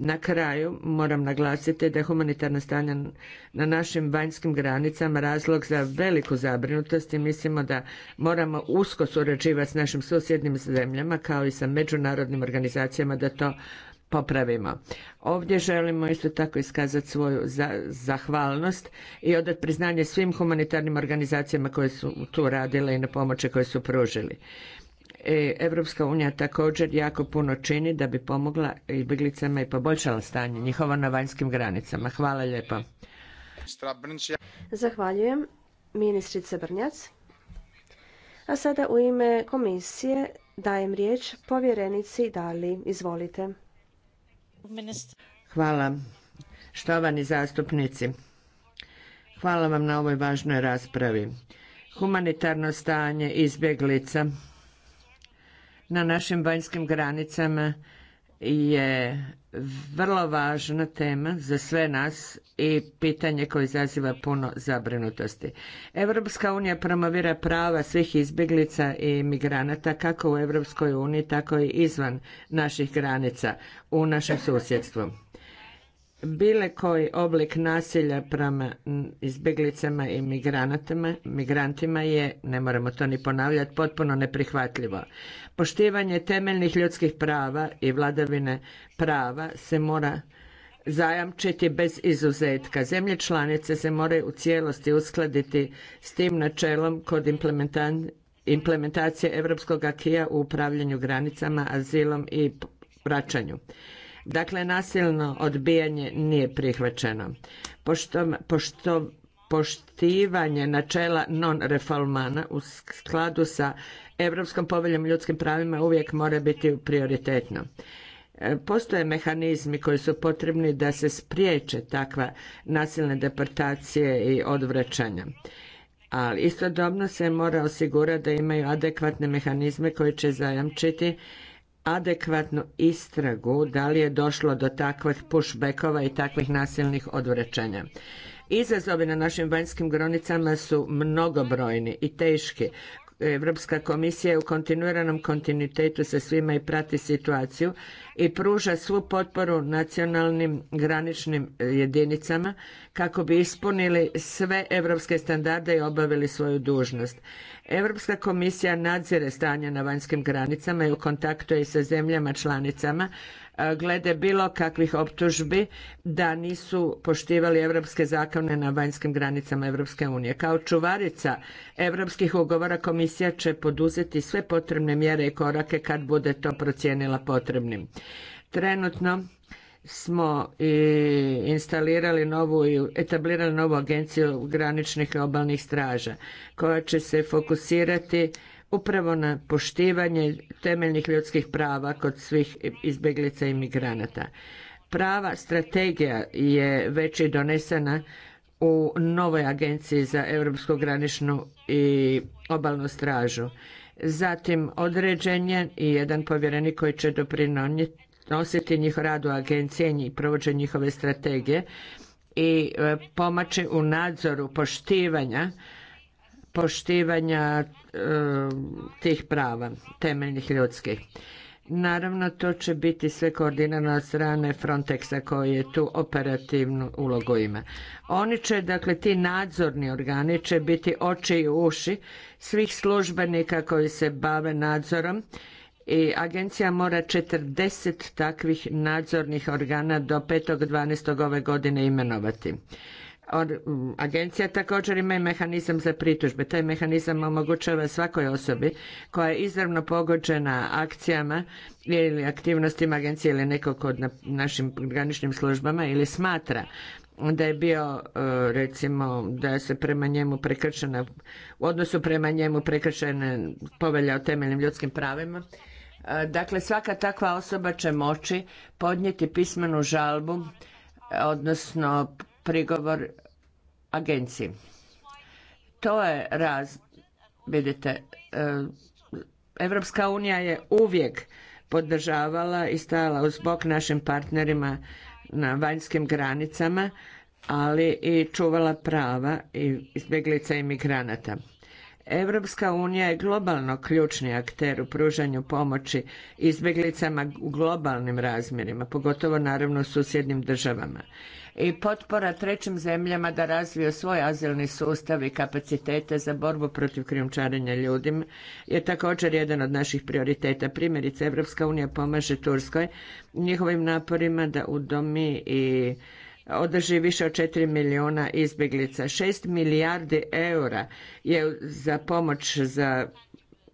Na kraju moram naglasiti da je humanitarno stanje na našim vanjskim granicama razlog za veliku zabrinutost i mislimo da moramo usko surađivati s našim susjednim zemljama kao i sa međunarodnim organizacijama da to popravimo. Ovdje želimo isto tako iskazati svoju zahvalnost i odati priznanje svim humanitarnim organizacijama koje su tu radile i na pomoći koje su pružili. E, Evropska unija također jako puno čini da bi pomogla izbjeglicama i poboljšala stanje njihova na vanjskim granicama. Hvala lijepo. Zahvaljujem ministrice Brnjac. A sada u ime komisije dajem riječ povjerenici Dali. Izvolite. Hvala. Štovani zastupnici, hvala vam na ovoj važnoj raspravi. Humanitarno stanje izbjeglica na našim vanjskim granicama je vrlo važna tema za sve nas i pitanje koje izaziva puno zabrinutosti. Europska unija promovira prava svih izbjeglica i migranata kako u Evropskoj uniji, tako i izvan naših granica u našem susjedstvu bile koji oblik nasilja prema izbjeglicama i migrantima je, ne moramo to ni ponavljati, potpuno neprihvatljivo. Poštivanje temeljnih ljudskih prava i vladavine prava se mora zajamčiti bez izuzetka. Zemlje članice se moraju u cijelosti uskladiti s tim načelom kod implementacije europskog akija u upravljanju granicama, azilom i vraćanju. Dakle, nasilno odbijanje nije prihvaćeno. Pošto, poštivanje načela non reformana u skladu sa Europskom poveljom ljudskim pravima uvijek mora biti prioritetno. E, postoje mehanizmi koji su potrebni da se spriječe takva nasilne deportacije i odvraćanja. Ali istodobno se mora osigurati da imaju adekvatne mehanizme koji će zajamčiti adekvatnu istragu da li je došlo do takvih pushbackova i takvih nasilnih odvraćanja. Izazovi na našim vanjskim granicama su mnogobrojni i teški. Europska komisija je u kontinuiranom kontinuitetu sa svima i prati situaciju i pruža svu potporu nacionalnim graničnim jedinicama kako bi ispunili sve europske standarde i obavili svoju dužnost. Europska komisija nadzire stanje na vanjskim granicama i u kontaktu je sa zemljama članicama e, glede bilo kakvih optužbi da nisu poštivali europske zakone na vanjskim granicama Europske unije. Kao čuvarica europskih ugovora komisija će poduzeti sve potrebne mjere i korake kad bude to procijenila potrebnim. Trenutno smo instalirali novu i etablirali novu agenciju graničnih i obalnih straža koja će se fokusirati upravo na poštivanje temeljnih ljudskih prava kod svih izbjeglica i migranata. Prava strategija je već i donesena u novoj agenciji za europsku graničnu i obalnu stražu. Zatim određen je i jedan povjerenik koji će doprinijeti nositi njih u agencije i provođenje njihove strategije i e, pomaći u nadzoru poštivanja poštivanja e, tih prava temeljnih ljudskih. Naravno, to će biti sve koordinirano od strane Frontexa koji je tu operativnu ulogu ima. Oni će, dakle, ti nadzorni organi će biti oči i uši svih službenika koji se bave nadzorom i agencija mora 40 takvih nadzornih organa do 5.12. ove godine imenovati. Agencija također ima i mehanizam za pritužbe. Taj mehanizam omogućava svakoj osobi koja je izravno pogođena akcijama ili aktivnostima agencije ili nekog od našim graničnim službama ili smatra da je bio e, recimo da se prema njemu prekršena u odnosu prema njemu prekršena povelja o temeljnim ljudskim pravima Dakle, svaka takva osoba će moći podnijeti pismenu žalbu, odnosno prigovor agenciji. To je raz, vidite, e, Evropska unija je uvijek podržavala i stajala uz bok našim partnerima na vanjskim granicama, ali i čuvala prava i izbjeglica i migranata. Europska unija je globalno ključni akter u pružanju pomoći izbjeglicama u globalnim razmjerima, pogotovo naravno susjednim državama. I potpora trećim zemljama da razviju svoj azilni sustav i kapacitete za borbu protiv krijumčarenja ljudima je također jedan od naših prioriteta. Primjerice, Europska unija pomaže Turskoj njihovim naporima da udomi i održi više od 4 milijuna izbjeglica. 6 milijardi eura je za pomoć za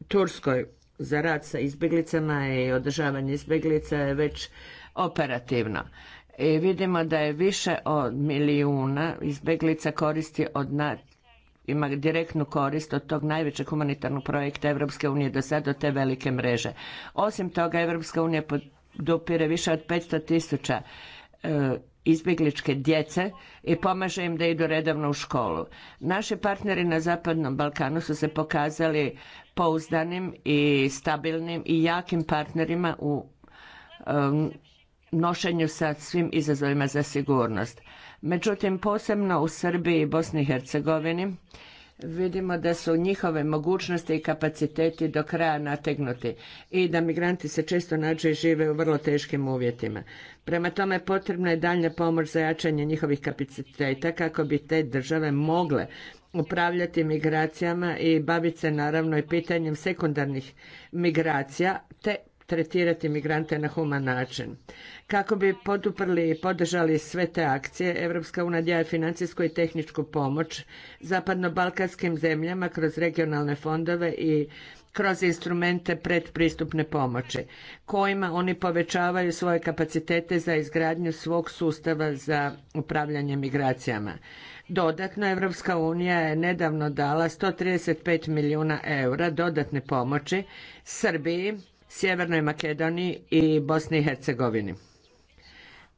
Turskoj za rad sa izbjeglicama i održavanje izbjeglica je već operativno. I vidimo da je više od milijuna izbjeglica koristi od na, ima direktnu korist od tog najvećeg humanitarnog projekta Europske unije do sada do te velike mreže. Osim toga Evropska unija podupire više od 500 tisuća E, izbjegličke djece i pomaže im da idu redovno u školu. Naši partneri na Zapadnom Balkanu su se pokazali pouzdanim i stabilnim i jakim partnerima u e, nošenju sa svim izazovima za sigurnost. Međutim, posebno u Srbiji i Bosni i Hercegovini vidimo da su njihove mogućnosti i kapaciteti do kraja nategnuti i da migranti se često nađu i žive u vrlo teškim uvjetima. Prema tome potrebna je daljnja pomoć za jačanje njihovih kapaciteta kako bi te države mogle upravljati migracijama i baviti se naravno i pitanjem sekundarnih migracija te tretirati migrante na human način. Kako bi poduprli i podržali sve te akcije, europska unija daje financijsku i tehničku pomoć zapadno-balkanskim zemljama kroz regionalne fondove i kroz instrumente predpristupne pomoći, kojima oni povećavaju svoje kapacitete za izgradnju svog sustava za upravljanje migracijama. Dodatno, Evropska unija je nedavno dala 135 milijuna eura dodatne pomoći Srbiji Sjevernoj Makedoniji i Bosni i Hercegovini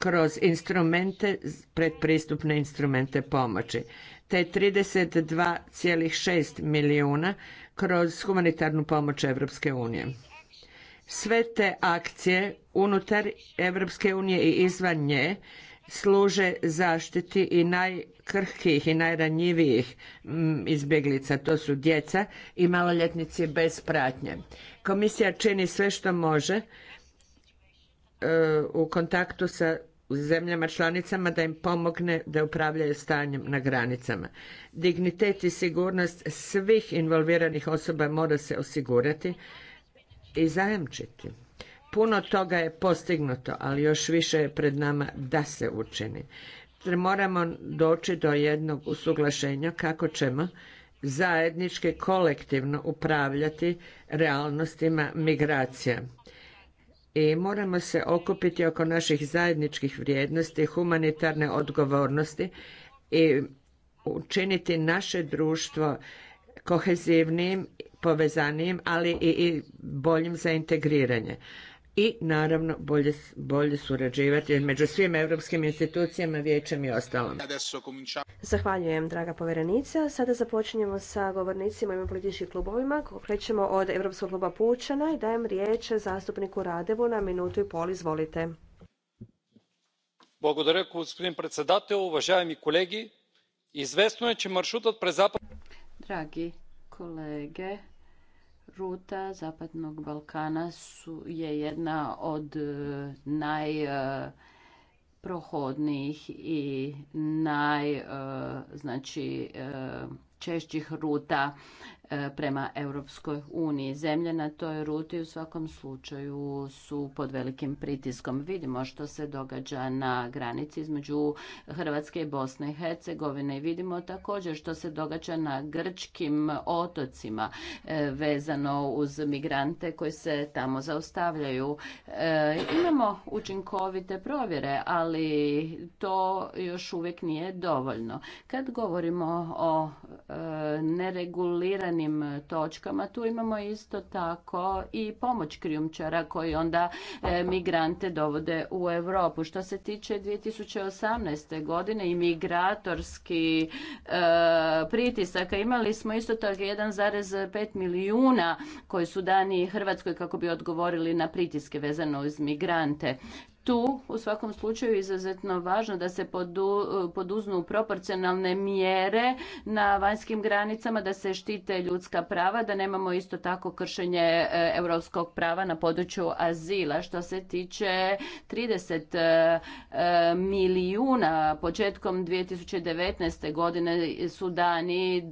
kroz instrumente, predpristupne instrumente pomoći, te 32,6 milijuna kroz humanitarnu pomoć Europske unije. Sve te akcije unutar Europske unije i izvan nje služe zaštiti i naj Krhkih i najranjivijih mm, izbjeglica, to su djeca i maloljetnici bez pratnje. Komisija čini sve što može e, u kontaktu sa zemljama članicama da im pomogne da upravljaju stanjem na granicama. Dignitet i sigurnost svih involviranih osoba mora se osigurati i zajamčiti. Puno toga je postignuto, ali još više je pred nama da se učini moramo doći do jednog usuglašenja kako ćemo zajednički kolektivno upravljati realnostima migracija i moramo se okupiti oko naših zajedničkih vrijednosti, humanitarne odgovornosti i učiniti naše društvo kohezivnijim, povezanijim, ali i boljim za integriranje i naravno bolje, bolje surađivati među svim evropskim institucijama, vijećem i ostalom. Zahvaljujem, draga poverenica. Sada započinjemo sa govornicima i političkim klubovima. Krećemo od Evropskog kluba Pučana i dajem riječ zastupniku Radevu na minutu i pol. Izvolite. Благодаря, господин председател, уважаеми kolegi Известно е, че маршрутът през dragi kolege ruta Zapadnog Balkana su, je jedna od e, najprohodnijih i najčešćih e, znači, e, ruta E, prema Europskoj uniji. Zemlje na toj ruti u svakom slučaju su pod velikim pritiskom. Vidimo što se događa na granici između Hrvatske i Bosne i Hercegovine. Vidimo također što se događa na grčkim otocima e, vezano uz migrante koji se tamo zaustavljaju. E, imamo učinkovite provjere, ali to još uvijek nije dovoljno. Kad govorimo o nereguliran E, točkama. Tu imamo isto tako i pomoć krijumčara koji onda e, migrante dovode u Europu. Što se tiče 2018. godine i migratorski e, pritisaka imali smo isto tako 1,5 milijuna koji su dani Hrvatskoj kako bi odgovorili na pritiske vezano uz migrante tu u svakom slučaju izuzetno važno da se poduzmu proporcionalne mjere na vanjskim granicama, da se štite ljudska prava, da nemamo isto tako kršenje europskog prava na području azila. Što se tiče 30 e, e, milijuna početkom 2019. godine su dani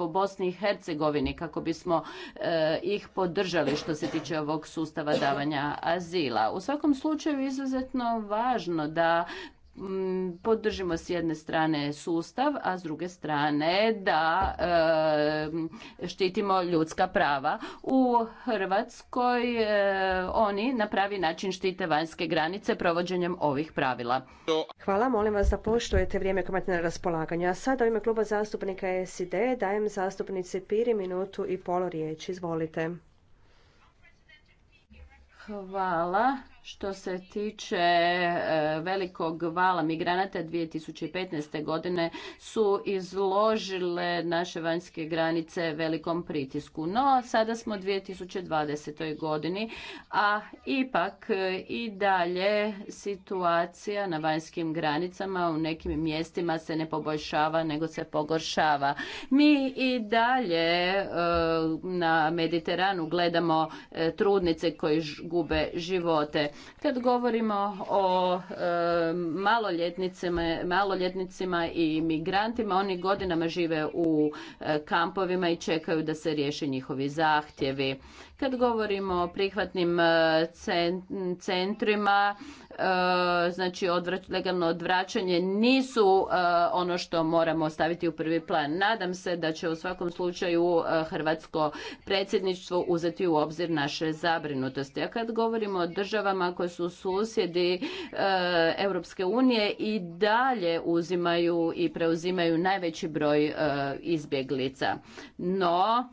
u Bosni i Hercegovini kako bismo e, ih podržali što se tiče ovog sustava davanja azila. U svakom slučaju izuzetno važno da mm, podržimo s jedne strane sustav, a s druge strane da e, štitimo ljudska prava. U Hrvatskoj e, oni na pravi način štite vanjske granice provođenjem ovih pravila. Hvala, molim vas da poštujete vrijeme koje imate na raspolaganju. A sada u ime kluba zastupnika SID dajem zastupnici Piri minutu i polo riječ. Izvolite. Hvala. Što se tiče e, velikog vala migranata 2015. godine su izložile naše vanjske granice velikom pritisku. No, sada smo 2020. godini, a ipak e, i dalje situacija na vanjskim granicama u nekim mjestima se ne poboljšava, nego se pogoršava. Mi i dalje e, na Mediteranu gledamo trudnice koje gube živote kad govorimo o maloljetnicima, maloljetnicima i migrantima, oni godinama žive u e, kampovima i čekaju da se riješe njihovi zahtjevi. Kad govorimo o prihvatnim e, centrima, e, znači legalno odvraćanje nisu e, ono što moramo staviti u prvi plan. Nadam se da će u svakom slučaju Hrvatsko predsjedništvo uzeti u obzir naše zabrinutosti. A kad govorimo o državama koje su susjedi Europske unije i dalje uzimaju i preuzimaju najveći broj izbjeglica. No,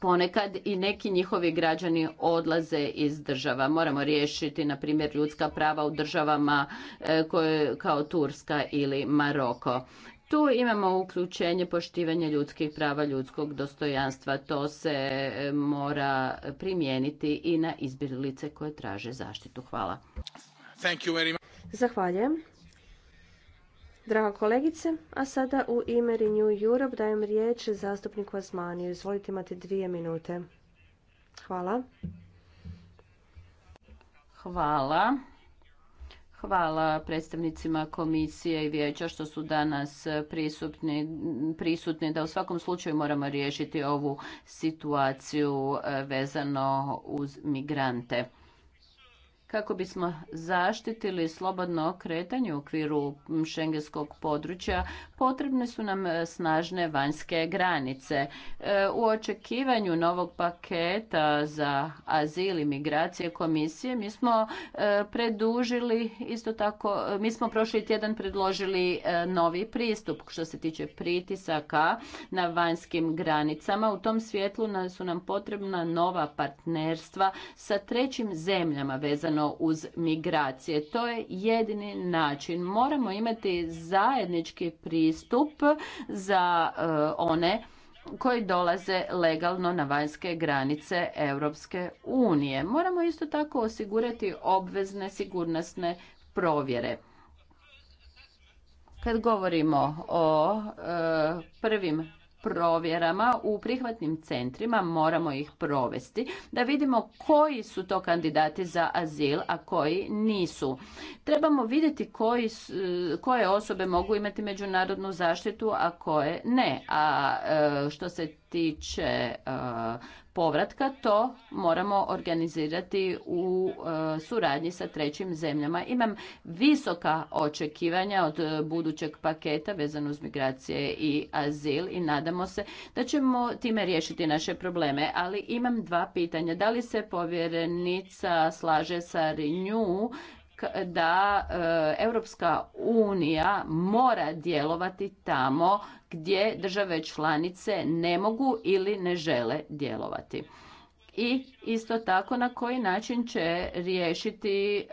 ponekad i neki njihovi građani odlaze iz država. Moramo riješiti, na primjer, ljudska prava u državama e, koje, kao Turska ili Maroko. Tu imamo uključenje poštivanja ljudskih prava, ljudskog dostojanstva. To se e, mora primijeniti i na izbjeglice koje traže zaštitu. Hvala. Thank Zahvaljujem. Draga kolegice, a sada u ime New Europe dajem riječ zastupniku Azmaniju. Izvolite imati dvije minute. Hvala. Hvala. Hvala predstavnicima komisije i vijeća što su danas prisutni, prisutni da u svakom slučaju moramo riješiti ovu situaciju eh, vezano uz migrante kako bismo zaštitili slobodno kretanje u okviru šengenskog područja potrebne su nam e, snažne vanjske granice. E, u očekivanju novog paketa za azil i migracije komisije mi smo e, predužili isto tako, mi smo prošli tjedan predložili novi pristup što se tiče pritisaka na vanjskim granicama. U tom svjetlu su nam potrebna nova partnerstva sa trećim zemljama vezano uz migracije. To je jedini način. Moramo imati zajednički pristup stup za e, one koji dolaze legalno na vanjske granice Europske unije. Moramo isto tako osigurati obvezne sigurnosne provjere. Kad govorimo o e, prvim provjerama u prihvatnim centrima, moramo ih provesti, da vidimo koji su to kandidati za azil, a koji nisu. Trebamo vidjeti koji, e, koje osobe mogu imati međunarodnu zaštitu, a koje ne. A e, što se tiče e, povratka, to moramo organizirati u e, suradnji sa trećim zemljama. Imam visoka očekivanja od e, budućeg paketa vezano uz migracije i azil i nadamo se da ćemo time riješiti naše probleme. Ali imam dva pitanja. Da li se povjerenica slaže sa Renew da e, Europska unija mora djelovati tamo gdje države članice ne mogu ili ne žele djelovati i isto tako na koji način će riješiti e,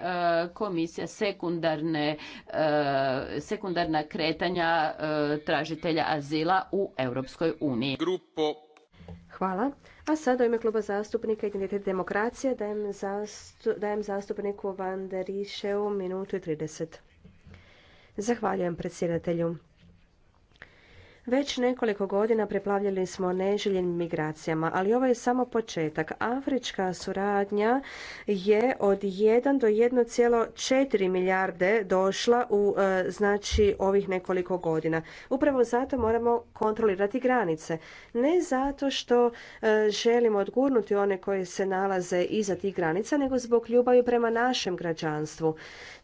komisija sekundarne, e, sekundarna kretanja tražitelja azila u Europskoj uniji. Grupo Hvala. A sada u ime kluba zastupnika Identitet demokracije dajem, zastupniku Van der minutu i 30. Zahvaljujem predsjedatelju. Već nekoliko godina preplavljeni smo neželjenim migracijama, ali ovo je samo početak. Afrička suradnja je od 1 do 1,4 milijarde došla u e, znači ovih nekoliko godina. Upravo zato moramo kontrolirati granice. Ne zato što e, želimo odgurnuti one koji se nalaze iza tih granica, nego zbog ljubavi prema našem građanstvu.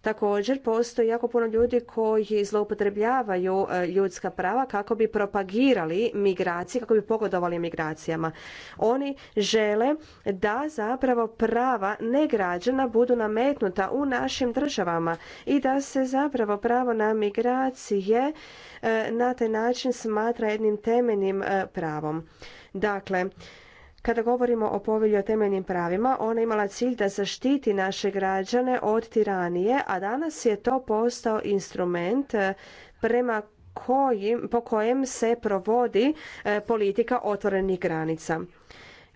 Također postoji jako puno ljudi koji zloupotrebljavaju e, ljudska prava kako bi propagirali migracije, kako bi pogodovali migracijama. Oni žele da zapravo prava negrađana budu nametnuta u našim državama i da se zapravo pravo na migracije e, na taj način smatra jednim temeljnim e, pravom. Dakle, kada govorimo o povelji o temeljnim pravima, ona je imala cilj da zaštiti naše građane od tiranije, a danas je to postao instrument e, prema po kojem se provodi e, politika otvorenih granica.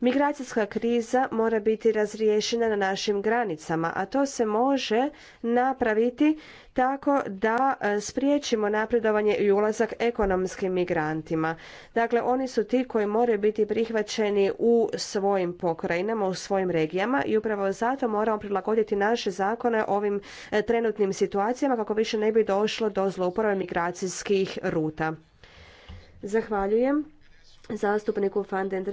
Migracijska kriza mora biti razriješena na našim granicama, a to se može napraviti tako da e, spriječimo napredovanje i ulazak ekonomskim migrantima. Dakle, oni su ti koji moraju biti prihvaćeni u svojim pokrajinama, u svojim regijama i upravo zato moramo prilagoditi naše zakone ovim e, trenutnim situacijama kako više ne bi došlo do zlouporabe migracijskih ruta. Zahvaljujem zastupniku Van den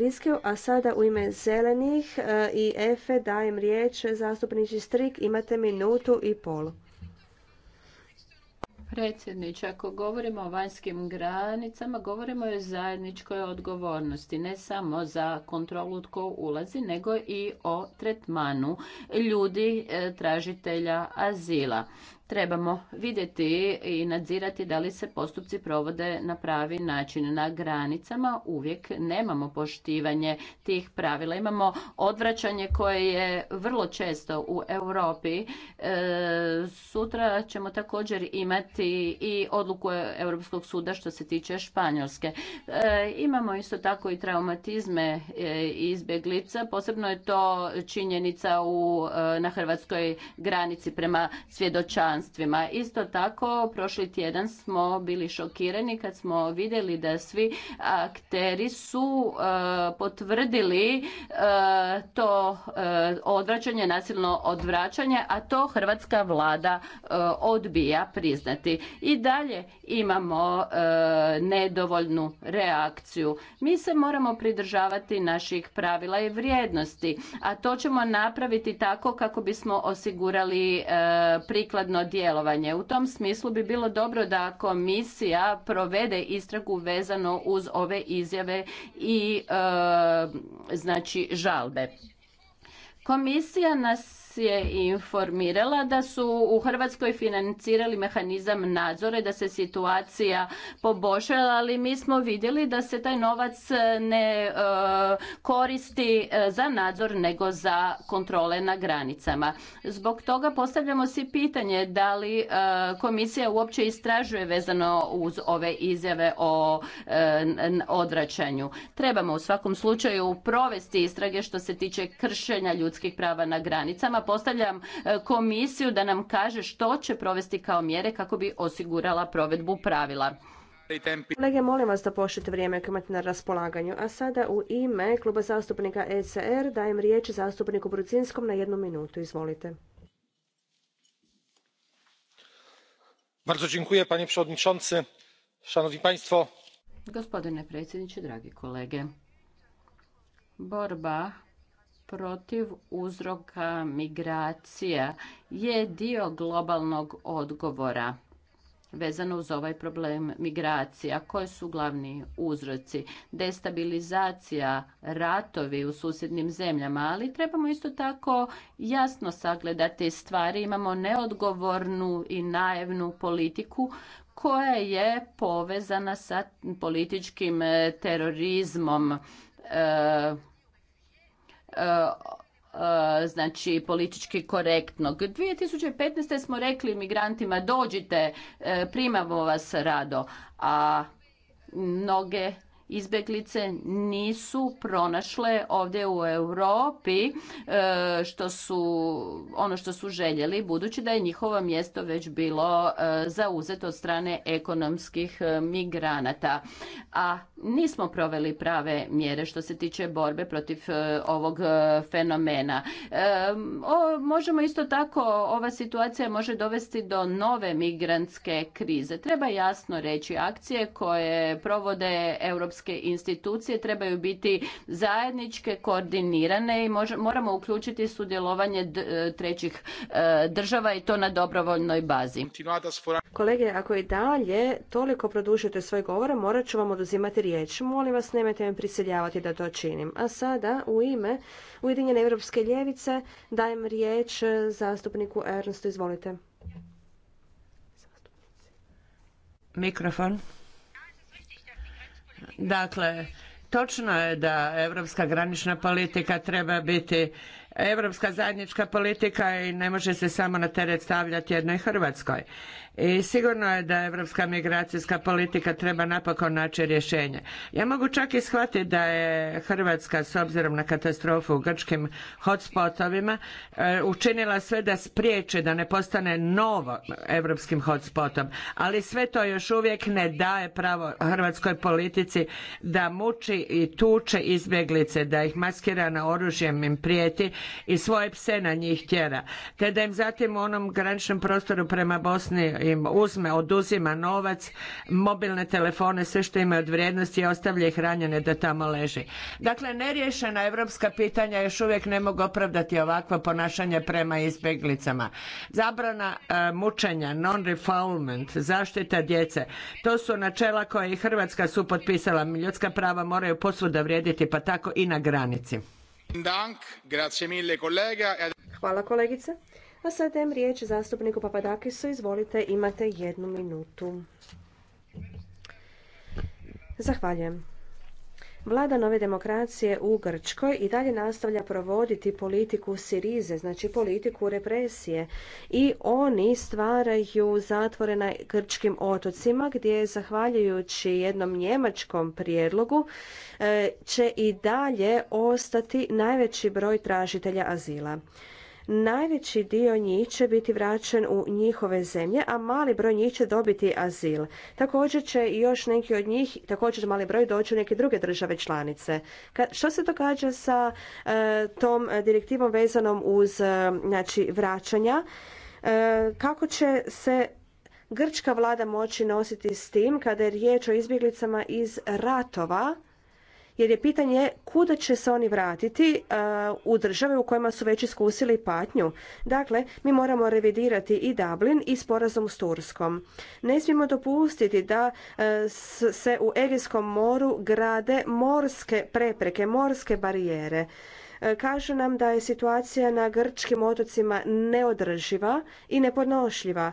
a sada u ime zelenih e, i EFE dajem riječ zastupnici Strik, imate minutu i pol. Predsjedniče, ako govorimo o vanjskim granicama, govorimo o zajedničkoj odgovornosti, ne samo za kontrolu tko ulazi, nego i o tretmanu ljudi e, tražitelja azila trebamo vidjeti i nadzirati da li se postupci provode na pravi način. Na granicama uvijek nemamo poštivanje tih pravila. Imamo odvraćanje koje je vrlo često u Europi. E, sutra ćemo također imati i odluku Europskog suda što se tiče Španjolske. E, imamo isto tako i traumatizme e, izbjeglica. Posebno je to činjenica na hrvatskoj granici prema svjedočanju kućanstvima. Isto tako, prošli tjedan smo bili šokirani kad smo vidjeli da svi akteri su e, potvrdili e, to e, odvraćanje, nasilno odvraćanje, a to hrvatska vlada odbija priznati. I dalje imamo nedovoljnu reakciju. Mi se moramo pridržavati naših pravila i vrijednosti, a to ćemo napraviti tako kako bismo osigurali prikladno djelovanje. U tom smislu bi bilo dobro da komisija provede istragu vezano uz ove izjave i e, znači žalbe. Komisija nas je informirala da su u Hrvatskoj financirali mehanizam nadzora i da se situacija poboljšala, ali mi smo vidjeli da se taj novac ne e, koristi e, za nadzor nego za kontrole na granicama. Zbog toga postavljamo si pitanje da li e, komisija uopće istražuje vezano uz ove izjave o odvraćanju. Trebamo u svakom slučaju provesti istrage što se tiče kršenja ljudskih prava na granicama, postavljam e, komisiju da nam kaže što će provesti kao mjere kako bi osigurala provedbu pravila. Kolege, molim vas da pošljete vrijeme koje imate na raspolaganju. A sada u ime kluba zastupnika ECR dajem riječ zastupniku Brucinskom na jednu minutu. Izvolite. Bardzo dziękuję, panie przewodniczący. Szanowni państwo. Gospodine predsjedniče, dragi kolege. Borba protiv uzroka migracija je dio globalnog odgovora vezano uz ovaj problem migracija. Koji su glavni uzroci? Destabilizacija, ratovi u susjednim zemljama, ali trebamo isto tako jasno sagledati stvari. Imamo neodgovornu i naivnu politiku koja je povezana sa političkim terorizmom, e, E, e, znači politički korektnog. 2015. smo rekli migrantima dođite, e, primamo vas rado, a mnoge izbjeglice nisu pronašle ovdje u Europi e, što su ono što su željeli budući da je njihovo mjesto već bilo e, zauzeto od strane ekonomskih e, migranata a nismo proveli prave mjere što se tiče borbe protiv ovog fenomena. možemo isto tako ova situacija može dovesti do nove migrantske krize. Treba jasno reći akcije koje provode europske europske institucije trebaju biti zajedničke, koordinirane i moramo uključiti sudjelovanje e, trećih e, država i to na dobrovoljnoj bazi. Kolege, ako i dalje toliko produžujete svoj govor, morat ću vam oduzimati riječ. Molim vas, nemojte me prisiljavati da to činim. A sada u ime Ujedinjene Europske ljevice dajem riječ zastupniku Ernstu. Izvolite. Mikrofon. Dakle, točno je da europska granična politika treba biti Europska zajednička politika i ne može se samo na teret stavljati jednoj Hrvatskoj. I sigurno je da europska migracijska politika treba napokon naći rješenje. Ja mogu čak i shvatiti da je Hrvatska s obzirom na katastrofu u grčkim hotspotovima e, učinila sve da spriječi da ne postane novo europskim hotspotom, ali sve to još uvijek ne daje pravo hrvatskoj politici da muči i tuče izbjeglice, da ih maskirana oružjem im prijeti i svoje pse na njih tjera, te da im zatim u onom graničnom prostoru prema Bosni im uzme, oduzima novac, mobilne telefone, sve što imaju od vrijednosti i ostavlja ih ranjene da tamo leži. Dakle, neriješena europska pitanja još uvijek ne mogu opravdati ovakvo ponašanje prema izbjeglicama. Zabrana e, mučenja, non-refoulement, zaštita djece, to su načela koje i Hrvatska su potpisala. Ljudska prava moraju posvuda vrijediti, pa tako i na granici. E Hvala kolegice. A sad dajem riječ zastupniku Papadakisu. Izvolite, imate jednu minutu. Zahvaljujem. Vlada nove demokracije u Grčkoj i dalje nastavlja provoditi politiku Sirize, znači politiku represije i oni stvaraju zatvore na grčkim otocima gdje zahvaljujući jednom njemačkom prijedlogu e, će i dalje ostati najveći broj tražitelja azila. Najveći dio njih će biti vraćen u njihove zemlje, a mali broj njih će dobiti azil. Također će i još neki od njih, također mali broj, doći u neke druge države članice. što se događa sa e, tom direktivom vezanom uz e, znači, vraćanja? E, kako će se grčka vlada moći nositi s tim kada je riječ o izbjeglicama iz ratova jer je pitanje kuda će se oni vratiti e, u države u kojima su već iskusili patnju. Dakle, mi moramo revidirati i Dublin i sporazum s Turskom. Ne smijemo dopustiti da e, se u Egejskom moru grade morske prepreke, morske barijere. E, Kažu nam da je situacija na grčkim otocima neodrživa i nepodnošljiva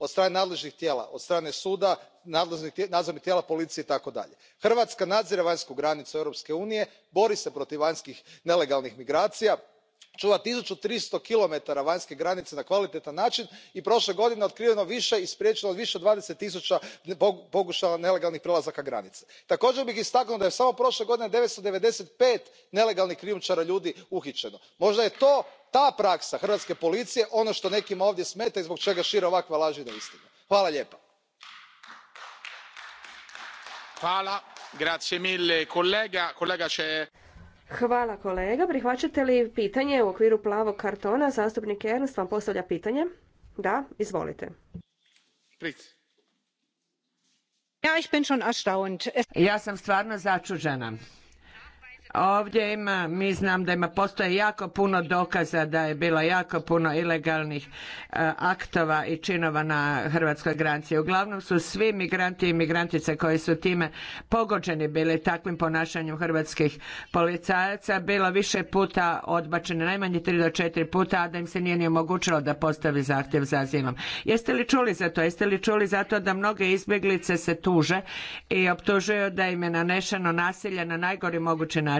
od strane nadležnih tijela od strane suda nadzornih tijela policije dalje. hrvatska nadzire vanjsku granicu europske unije bori se protiv vanjskih nelegalnih migracija čuva three tristo kilometara vanjske granice na kvalitetan način i prošle godine je otkriveno više i spriječeno više od dvadeset tisuća pokušaja nelegalnih prelazaka granice. također bih istaknuo da je samo prošle godine devetsto devedeset pet nelegalnih krijumčara ljudi uhićeno. možda je to ta praksa hrvatske policije ono što nekima ovdje smeta i zbog čega šire ovakve laži i neistine. Hvala kolega. Prihvaćate li pitanje u okviru plavog kartona? Zastupnik Ernst vam postavlja pitanje. Da, izvolite. Ja sam stvarno začuđena. Ovdje ima, mi znam da ima, postoje jako puno dokaza da je bilo jako puno ilegalnih e, aktova i činova na hrvatskoj granici. Uglavnom su svi migranti i migrantice koji su time pogođeni bili takvim ponašanjem hrvatskih policajaca bilo više puta odbačene, najmanje tri do četiri puta, a da im se nije ni omogućilo da postavi zahtjev za azilom. Jeste li čuli za to? Jeste li čuli za to da mnoge izbjeglice se tuže i optužuju da im je nanešeno nasilje na najgori mogući način?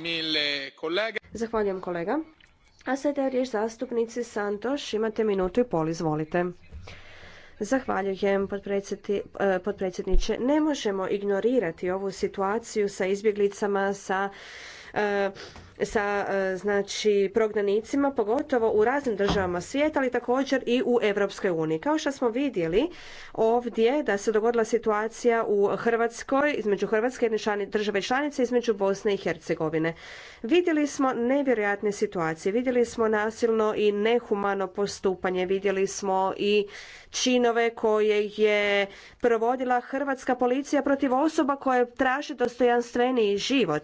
Mille, kolega. Zahvaljujem kolega. A sada je riječ zastupnici Santoš. Imate minutu i pol, izvolite. Zahvaljujem, potpredsjedniče. E, ne možemo ignorirati ovu situaciju sa izbjeglicama, sa E, sa e, znači prognanicima pogotovo u raznim državama svijeta ali također i u Europskoj uniji. Kao što smo vidjeli ovdje da se dogodila situacija u Hrvatskoj između Hrvatske jedne države članice između Bosne i Hercegovine. Vidjeli smo nevjerojatne situacije, vidjeli smo nasilno i nehumano postupanje, vidjeli smo i činove koje je provodila hrvatska policija protiv osoba koje traže dostojanstveniji život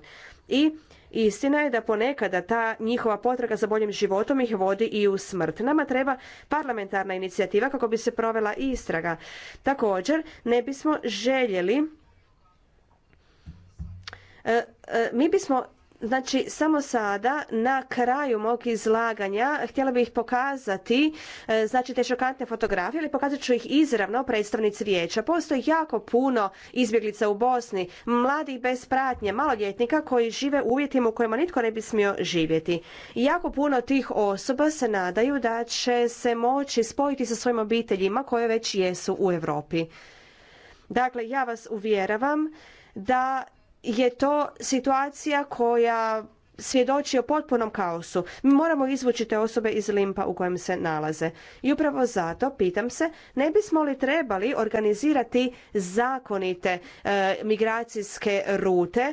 i Istina je da ponekada ta njihova potraga za boljim životom ih vodi i u smrt. Nama treba parlamentarna inicijativa kako bi se provela istraga. Također, ne bismo željeli e, e, mi bismo Znači, samo sada, na kraju mog izlaganja, htjela bih pokazati e, znači, te šokantne fotografije, ali pokazat ću ih izravno predstavnici vijeća. Postoji jako puno izbjeglica u Bosni, mladih bez pratnje, maloljetnika koji žive u uvjetima u kojima nitko ne bi smio živjeti. I jako puno tih osoba se nadaju da će se moći spojiti sa svojim obiteljima koje već jesu u Europi. Dakle, ja vas uvjeravam da je to situacija koja svjedoči o potpunom kaosu. Mi moramo izvući te osobe iz limpa u kojem se nalaze. I upravo zato, pitam se, ne bismo li trebali organizirati zakonite e, migracijske rute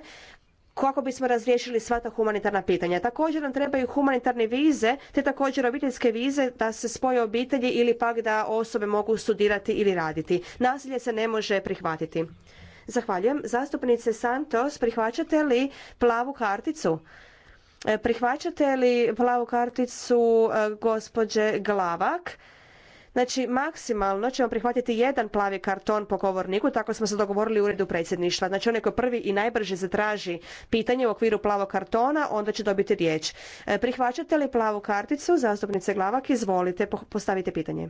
kako bismo razriješili sva ta humanitarna pitanja. Također nam trebaju humanitarne vize, te također obiteljske vize da se spoje obitelji ili pak da osobe mogu studirati ili raditi. Nasilje se ne može prihvatiti. Zahvaljujem. Zastupnice Santos, prihvaćate li plavu karticu? E, prihvaćate li plavu karticu e, gospođe Glavak? Znači, maksimalno ćemo prihvatiti jedan plavi karton po govorniku, tako smo se dogovorili u uredu predsjedništva. Znači, onaj ko prvi i najbrže zatraži pitanje u okviru plavog kartona, onda će dobiti riječ. E, prihvaćate li plavu karticu? Zastupnice Glavak, izvolite, postavite pitanje.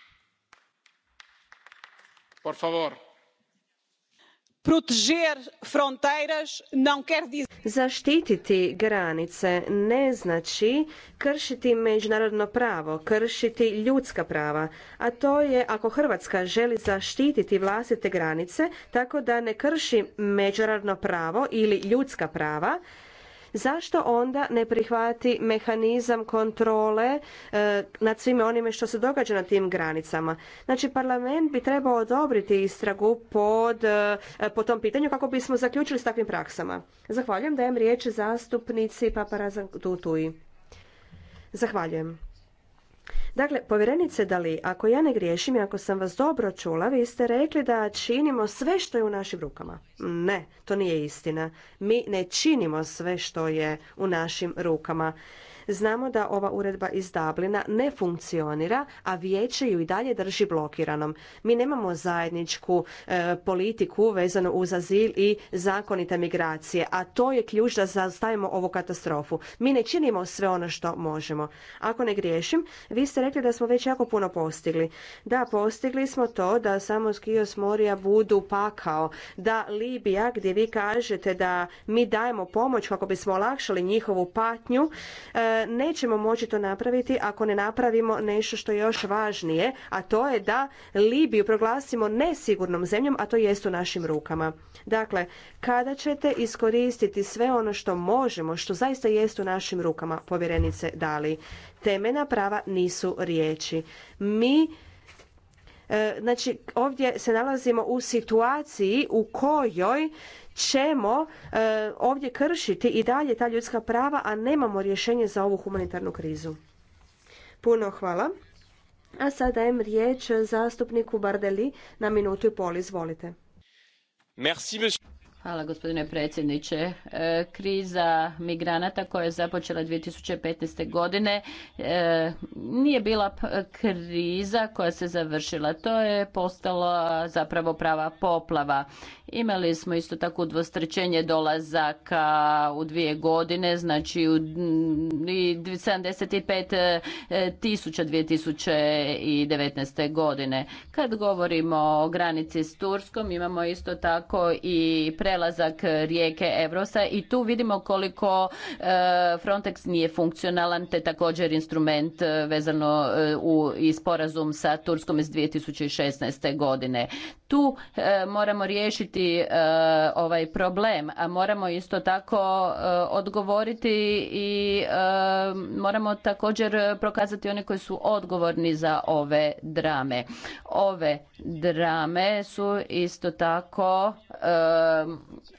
Zaštititi granice ne znači kršiti međunarodno pravo, kršiti ljudska prava, a to je ako Hrvatska želi zaštititi vlastite granice tako da ne krši međunarodno pravo ili ljudska prava, zašto onda ne prihvati mehanizam kontrole e, nad svime onime što se događa na tim granicama? Znači, parlament bi trebao odobriti istragu pod, e, po tom pitanju kako bismo zaključili s takvim praksama. Zahvaljujem, dajem riječ zastupnici Paparazan Tutuji. Zahvaljujem. Dakle, povjerenice Dali, ako ja ne griješim i ako sam vas dobro čula, vi ste rekli da činimo sve što je u našim rukama. Ne, to nije istina. Mi ne činimo sve što je u našim rukama. Znamo da ova uredba iz Dublina ne funkcionira, a vijeće ju i dalje drži blokiranom. Mi nemamo zajedničku e, politiku vezanu uz azil i zakonite migracije, a to je ključ da zastavimo ovu katastrofu. Mi ne činimo sve ono što možemo. Ako ne griješim, vi ste rekli da smo već jako puno postigli. Da, postigli smo to da samo Skios Morija budu pakao, da Libija gdje vi kažete da mi dajemo pomoć kako bismo olakšali njihovu patnju, e, nećemo moći to napraviti ako ne napravimo nešto što je još važnije, a to je da Libiju proglasimo nesigurnom zemljom, a to jest u našim rukama. Dakle, kada ćete iskoristiti sve ono što možemo, što zaista jest u našim rukama, povjerenice Dali, temena prava nisu riječi. Mi e, Znači, ovdje se nalazimo u situaciji u kojoj ćemo e, ovdje kršiti i dalje ta ljudska prava, a nemamo rješenje za ovu humanitarnu krizu. Puno hvala. A sada dajem riječ zastupniku Bardeli na minutu i pol. Izvolite. Hvala gospodine predsjedniče. E, kriza migranata koja je započela 2015. godine e, nije bila kriza koja se završila. To je postala zapravo prava poplava. Imali smo isto tako udvostrčenje dolazaka u dvije godine, znači 75 e, tisuća 2019. godine. Kad govorimo o granici s Turskom imamo isto tako i prelazak e, rijeke Evrosa i tu vidimo koliko e, Frontex nije funkcionalan te također instrument e, vezano u i sporazum sa Turskom iz 2016. godine. Tu moramo riješiti ovaj problem, a moramo isto tako odgovoriti i moramo također prokazati one koji su odgovorni za ove drame. Ove drame su isto tako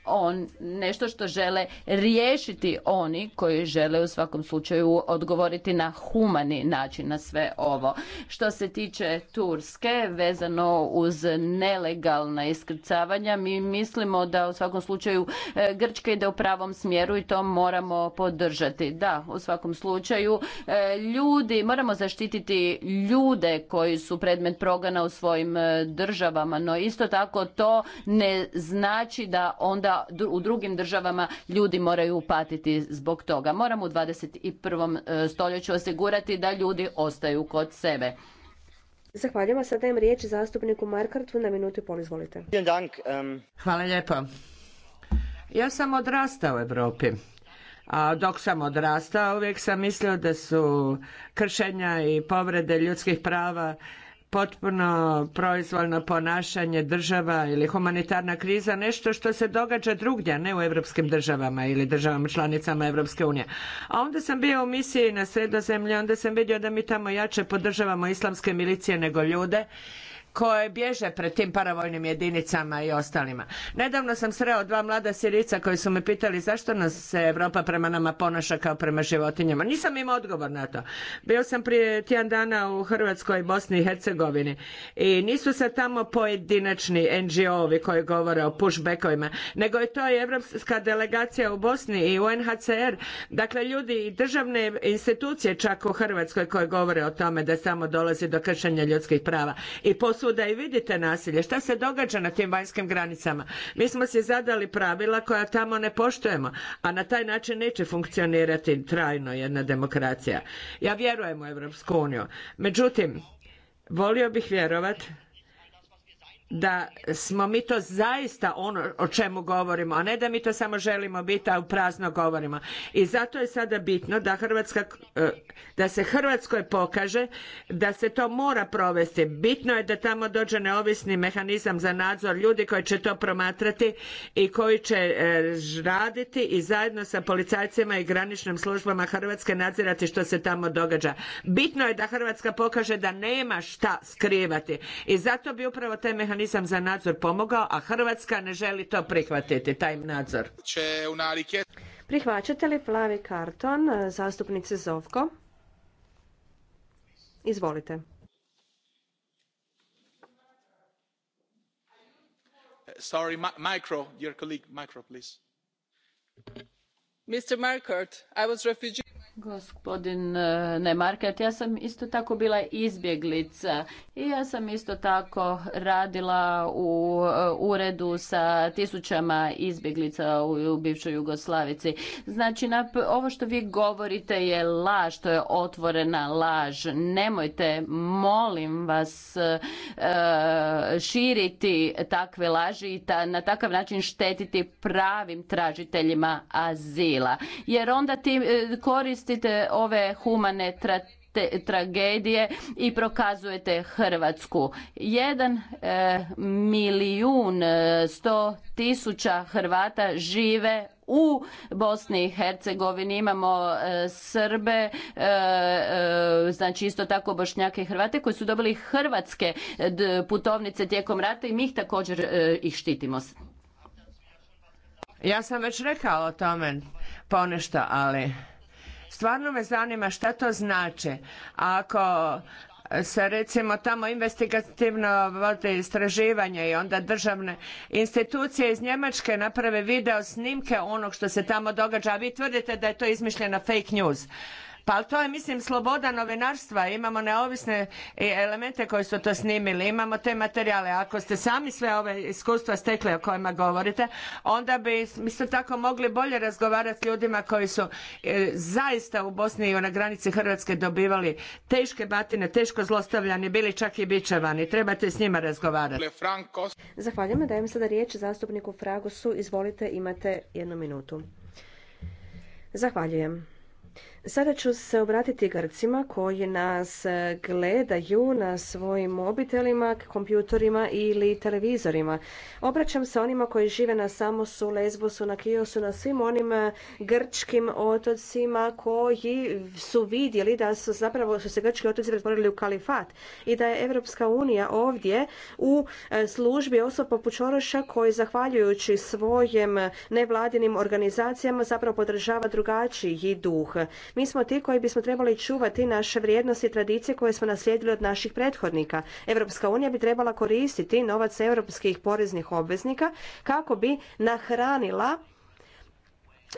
on, nešto što žele riješiti oni koji žele u svakom slučaju odgovoriti na humani način na sve ovo. Što se tiče Turske, vezano uz nelegalna iskrcavanja, mi mislimo da u svakom slučaju e, Grčka ide u pravom smjeru i to moramo podržati. Da, u svakom slučaju e, ljudi, moramo zaštititi ljude koji su predmet progana u svojim e, državama, no isto tako to ne znači da onda u drugim državama ljudi moraju patiti zbog toga. Moramo u 21. E, stoljeću osigurati da ljudi ostaju kod sebe. Zahvaljujem, a sada dajem riječ zastupniku Markartu na minutu i pol, izvolite. Hvala lijepo. Ja sam odrastao u Europi. A dok sam odrastao uvijek sam mislio da su kršenja i povrede ljudskih prava potpuno proizvoljno ponašanje država ili humanitarna kriza nešto što se događa drugdje, ne u europskim državama ili državama članicama Europske unije. A onda sam bio u misiji na sredozemlje, onda sam vidio da mi tamo jače podržavamo islamske milicije nego ljude koje bježe pred tim paravojnim jedinicama i ostalima. Nedavno sam sreo dva mlada sirica koji su me pitali zašto nas se Europa prema nama ponaša kao prema životinjama. Nisam imao odgovor na to. Bio sam prije tjedan dana u Hrvatskoj, Bosni i Hercegovini i nisu se tamo pojedinačni NGO-ovi koji govore o pushbackovima, nego je to i evropska delegacija u Bosni i UNHCR. Dakle, ljudi i državne institucije čak u Hrvatskoj koje govore o tome da samo dolazi do kršenja ljudskih prava i post da i vidite nasilje. Šta se događa na tim vanjskim granicama? Mi smo si zadali pravila koja tamo ne poštujemo, a na taj način neće funkcionirati trajno jedna demokracija. Ja vjerujem u Europsku uniju. Međutim, volio bih vjerovati da smo mi to zaista ono o čemu govorimo, a ne da mi to samo želimo biti, a prazno govorimo. I zato je sada bitno da, Hrvatska, e, da se Hrvatskoj pokaže da se to mora provesti. Bitno je da tamo dođe neovisni mehanizam za nadzor ljudi koji će to promatrati i koji će e, raditi i zajedno sa policajcima i graničnim službama Hrvatske nadzirati što se tamo događa. Bitno je da Hrvatska pokaže da nema šta skrivati i zato bi upravo taj mehanizam mehanizam za nadzor pomogao, a Hrvatska ne želi to prihvatiti, taj nadzor. Prihvaćate li plavi karton e, zastupnice Zovko? Izvolite. Sorry, micro, your colleague, micro, please. Mr. Markert, I was refugee Gospodin e, Nemarket, ja sam isto tako bila izbjeglica i ja sam isto tako radila u e, uredu sa tisućama izbjeglica u, bivšoj Jugoslavici. Znači, ovo što vi govorite je laž, to je otvorena laž. Nemojte, molim vas, e, širiti takve laži i na takav način štetiti pravim tražiteljima azila. Jer onda ti koristite ove humane tragedije i prokazujete Hrvatsku. Jedan e, milijun e, sto tisuća Hrvata žive u Bosni i Hercegovini imamo e, Srbe, znači isto tako Bošnjake i Hrvate koji su dobili hrvatske putovnice tijekom rata i mi ih također ih štitimo. Ja sam već rekao o tome ponešto, ali Stvarno me zanima šta to znači. Ako se recimo tamo investigativno vode istraživanje i onda državne institucije iz Njemačke naprave video snimke onog što se tamo događa, a vi tvrdite da je to izmišljena fake news. Pa ali to je mislim sloboda novinarstva, imamo neovisne e, elemente koji su to snimili, imamo te materijale. Ako ste sami sve ove iskustva stekli o kojima govorite, onda bi isto tako mogli bolje razgovarati s ljudima koji su e, zaista u Bosni i na granici Hrvatske dobivali teške batine, teško zlostavljani, bili čak i bičevani. Trebate s njima razgovarati. Zahvaljujem, dajem sada riječ zastupniku Fragusu. Izvolite, imate jednu minutu. Zahvaljujem. Sada ću se obratiti Grcima koji nas gledaju na svojim mobitelima, kompjutorima ili televizorima. Obraćam se onima koji žive na Samosu, Lesbosu, na Kiosu, na svim onim grčkim otocima koji su vidjeli da su zapravo su se grčki otoci pretvorili u kalifat i da je Europska unija ovdje u e, službi osoba poput Čoroša koji zahvaljujući svojim nevladinim organizacijama zapravo podržava drugačiji duh. Mi smo ti koji bismo trebali čuvati naše vrijednosti i tradicije koje smo naslijedili od naših prethodnika. Europska unija bi trebala koristiti novac europskih poreznih obveznika kako bi nahranila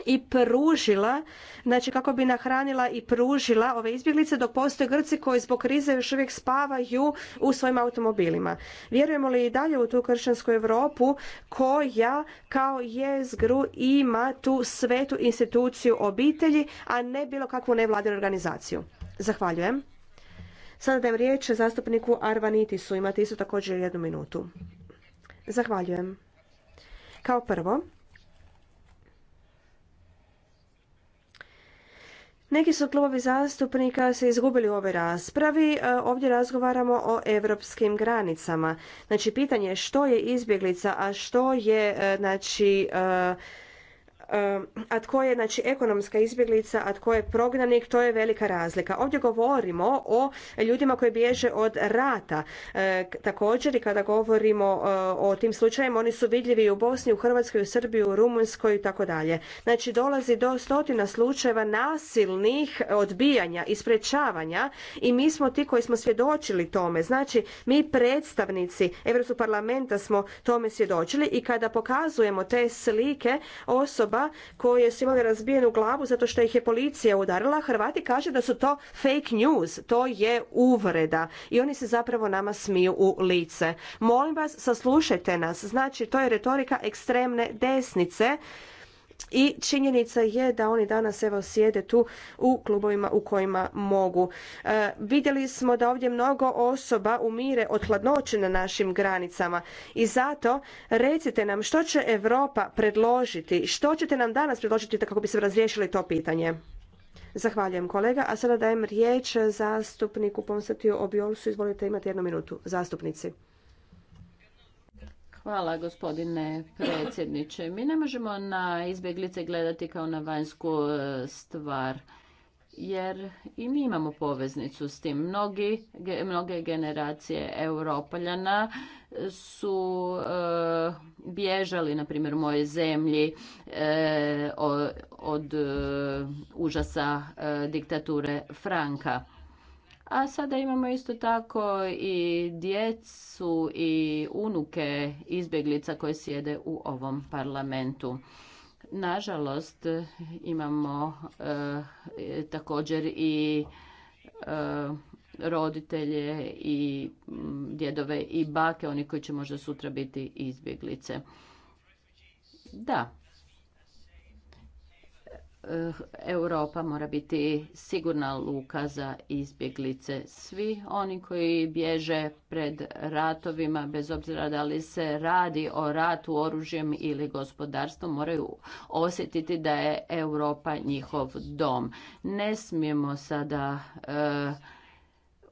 i pružila, znači kako bi nahranila i pružila ove izbjeglice dok postoje Grci koji zbog krize još uvijek spavaju u svojim automobilima. Vjerujemo li i dalje u tu kršćansku Europu koja kao jezgru ima tu svetu instituciju obitelji, a ne bilo kakvu nevladinu organizaciju? Zahvaljujem. Sada dajem riječ zastupniku Arvanitisu. Imate isto također jednu minutu. Zahvaljujem. Kao prvo, Neki su klubovi zastupnika se izgubili u ovoj raspravi. E, ovdje razgovaramo o europskim granicama. Znači, pitanje je što je izbjeglica, a što je e, znači, e, a tko je znači ekonomska izbjeglica, a tko je prognanik, to je velika razlika. Ovdje govorimo o ljudima koji bježe od rata. E, također i kada govorimo e, o tim slučajevima, oni su vidljivi u Bosni, u Hrvatskoj, u Srbiji, u Rumunjskoj i tako dalje. Znači dolazi do stotina slučajeva nasilnih odbijanja i i mi smo ti koji smo svjedočili tome. Znači mi predstavnici Europskog parlamenta smo tome svjedočili i kada pokazujemo te slike osoba osoba koje su imale razbijenu glavu zato što ih je policija udarila, Hrvati kaže da su to fake news, to je uvreda i oni se zapravo nama smiju u lice. Molim vas, saslušajte nas. Znači, to je retorika ekstremne desnice i činjenica je da oni danas evo sjede tu u klubovima u kojima mogu. E, vidjeli smo da ovdje mnogo osoba umire od hladnoće na našim granicama i zato recite nam što će Europa predložiti, što ćete nam danas predložiti kako bi se razriješili to pitanje. Zahvaljujem kolega, a sada dajem riječ zastupniku Ponsatiju Obiolsu, izvolite imati jednu minutu, zastupnici. Hvala gospodine predsjedniče. Mi ne možemo na izbjeglice gledati kao na vanjsku e, stvar jer i mi imamo poveznicu s tim. Mnogi, mnoge generacije Europoljana su e, bježali, na primjer u mojoj zemlji, e, od, užasa diktature Franka. A sada imamo isto tako i djecu i unuke izbjeglica koje sjede u ovom parlamentu. Nažalost, imamo eh, također i eh, roditelje i mm, djedove i bake, oni koji će možda sutra biti izbjeglice. Da, Eh, Europa mora biti sigurna luka za izbjeglice. Svi oni koji bježe pred ratovima, bez obzira da li se radi o ratu oružjem ili gospodarstvom, moraju osjetiti da je Europa njihov dom. Ne smijemo sada eh,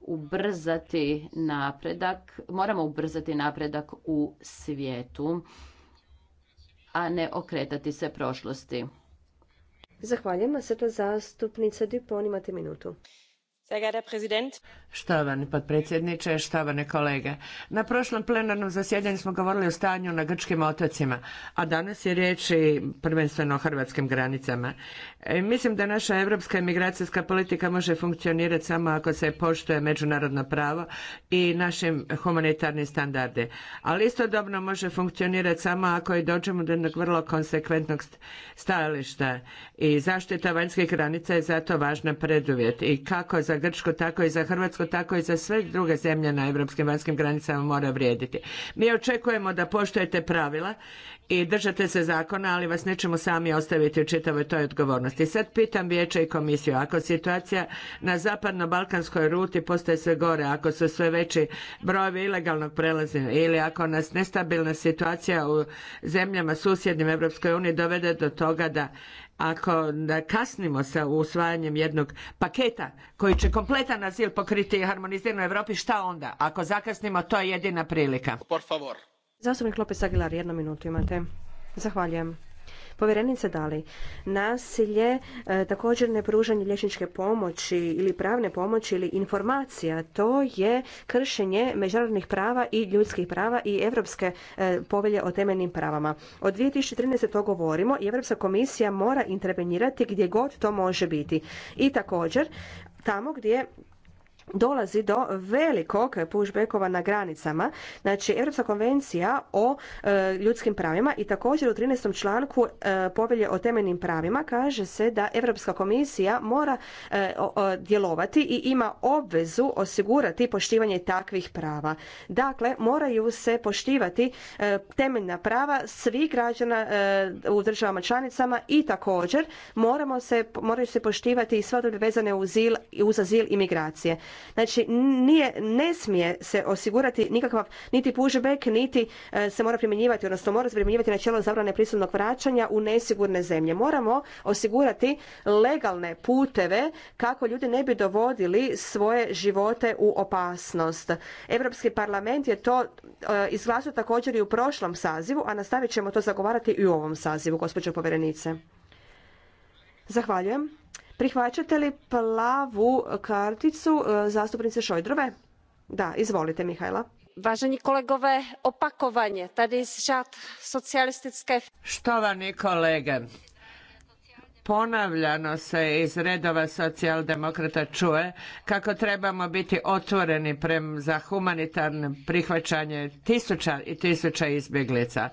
ubrzati napredak, moramo ubrzati napredak u svijetu, a ne okretati se prošlosti. Zahvaljujem. se sada zastupnica dipon, imate minutu. Štovani potpredsjedniče, štovane kolege. Na prošlom plenarnom zasjedanju smo govorili o stanju na grčkim otocima, a danas je riječ i prvenstveno o hrvatskim granicama. E, mislim da naša europska imigracijska politika može funkcionirati samo ako se poštuje međunarodno pravo i naši humanitarni standardi. Ali istodobno može funkcionirati samo ako i dođemo do jednog vrlo konsekventnog stajališta i zaštita vanjskih granica je zato važna preduvjet i kako za za Grčku, tako i za Hrvatsku, tako i za sve druge zemlje na europskim vanjskim granicama mora vrijediti. Mi očekujemo da poštujete pravila i držate se zakona, ali vas nećemo sami ostaviti u čitavoj toj odgovornosti. Sad pitam vijeće i komisiju, ako situacija na zapadno-balkanskoj ruti postaje sve gore, ako su sve veći brojevi ilegalnog prelaza ili ako nas nestabilna situacija u zemljama susjednim Europskoj uniji dovede do toga da ako kasnimo sa usvajanjem jednog paketa koji će kompletan azil pokriti i harmonizirano Europi, šta onda? Ako zakasnimo, to je jedina prilika. Zastupnik Lopez Aguilar, jednu minutu imate. Zahvaljujem povjerenice Dali, nasilje, e, također pružanje liječničke pomoći ili pravne pomoći ili informacija, to je kršenje međunarodnih prava i ljudskih prava i Europske e, povelje o temeljnim pravama. Od 2013. to govorimo i Europska komisija mora intervenirati gdje god to može biti. I također, tamo gdje dolazi do velikog pushbackova na granicama. Znači, Europska konvencija o e, ljudskim pravima i također u 13. članku e, povelje o temeljnim pravima kaže se da Europska komisija mora e, djelovati i ima obvezu osigurati poštivanje takvih prava. Dakle, moraju se poštivati e, temeljna prava svih građana u državama članicama i također moramo se, moraju se poštivati i sve odrebe vezane uz azil i migracije. Znači, nije, ne smije se osigurati nikakav niti pushback, niti e, se mora primjenjivati, odnosno mora se primjenjivati načelo zabrane prisilnog vraćanja u nesigurne zemlje. Moramo osigurati legalne puteve kako ljudi ne bi dovodili svoje živote u opasnost. Europski parlament je to e, izglasao također i u prošlom sazivu, a nastavit ćemo to zagovarati i u ovom sazivu, gospođo povjerenice. Zahvaljujem. Prihvaćate li plavu karticu e, zastupnice Šojdrove? Da, izvolite Mihajla. Vážení kolegove opakovanje tadi iz žad socialistické... Štovani kolege, ponavljano se iz redova socijaldemokrata čuje kako trebamo biti otvoreni za humanitarno prihvaćanje tisuća i tisuća izbjeglica.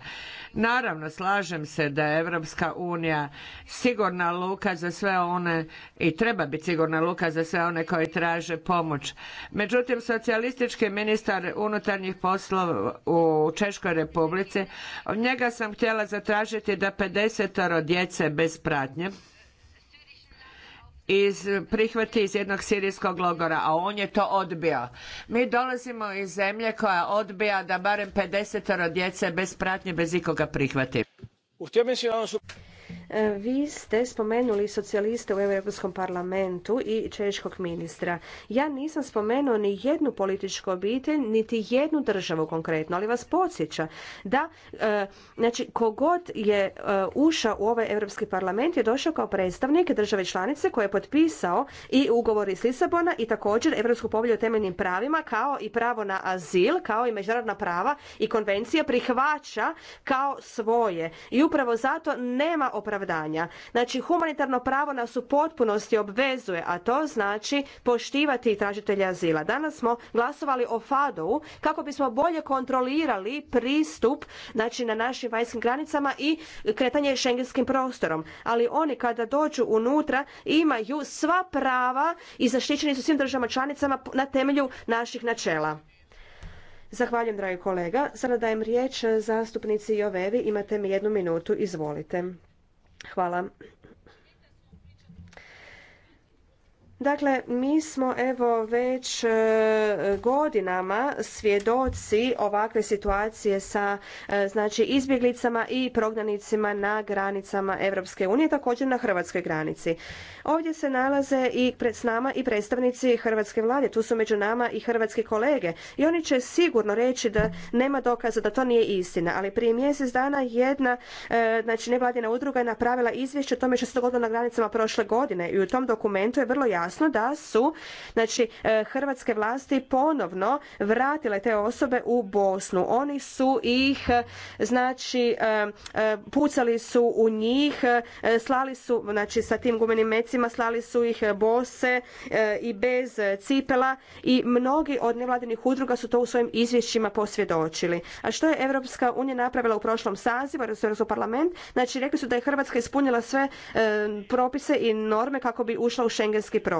Naravno, slažem se da je Evropska unija sigurna luka za sve one i treba biti sigurna luka za sve one koji traže pomoć. Međutim, socijalistički ministar unutarnjih poslova u Češkoj republici, od njega sam htjela zatražiti da 50 djece bez pratnje iz, prihvati iz jednog sirijskog logora, a on je to odbio. Mi dolazimo iz zemlje koja odbija da barem 50 djece bez pratnje, bez ikoga prihvati. E, vi ste spomenuli socijaliste u Europskom parlamentu i češkog ministra. Ja nisam spomenuo ni jednu političku obitelj, niti jednu državu konkretno, ali vas podsjeća da e, znači, kogod je e, ušao u ovaj Europski parlament je došao kao predstavnik države članice koji je potpisao i ugovor iz Lisabona i također Europsku povelju o temeljnim pravima kao i pravo na azil, kao i međunarodna prava i konvencija prihvaća kao svoje. I upravo zato nema opravdanja. Znači humanitarno pravo nas u potpunosti obvezuje, a to znači poštivati tražitelja azila. Danas smo glasovali o fado kako bismo bolje kontrolirali pristup znači na našim vanjskim granicama i kretanje šengenskim prostorom. Ali oni kada dođu unutra imaju sva prava i zaštićeni su svim državama članicama na temelju naših načela. Zahvaljujem, dragi kolega. Sada dajem riječ e, zastupnici Jovevi. Imate mi jednu minutu. Izvolite. Hvala. Dakle, mi smo evo već e, godinama svjedoci ovakve situacije sa e, znači izbjeglicama i prognanicima na granicama Europske unije, također na hrvatskoj granici. Ovdje se nalaze i pred s nama i predstavnici hrvatske vlade, tu su među nama i hrvatski kolege i oni će sigurno reći da nema dokaza da to nije istina, ali prije mjesec dana jedna e, znači nevladina udruga je napravila izvješće o tome što se dogodilo na granicama prošle godine i u tom dokumentu je vrlo jasno jasno da su znači, e, hrvatske vlasti ponovno vratile te osobe u Bosnu. Oni su ih, e, znači, e, pucali su u njih, slali su, znači, sa tim gumenim mecima slali su ih bose i bez cipela i mnogi od nevladinih udruga su to u svojim izvješćima posvjedočili. A što je Europska unija napravila u prošlom sazivu, Europski parlament? Znači, rekli su da je Hrvatska ispunila sve propise i norme kako bi ušla u šengenski prostor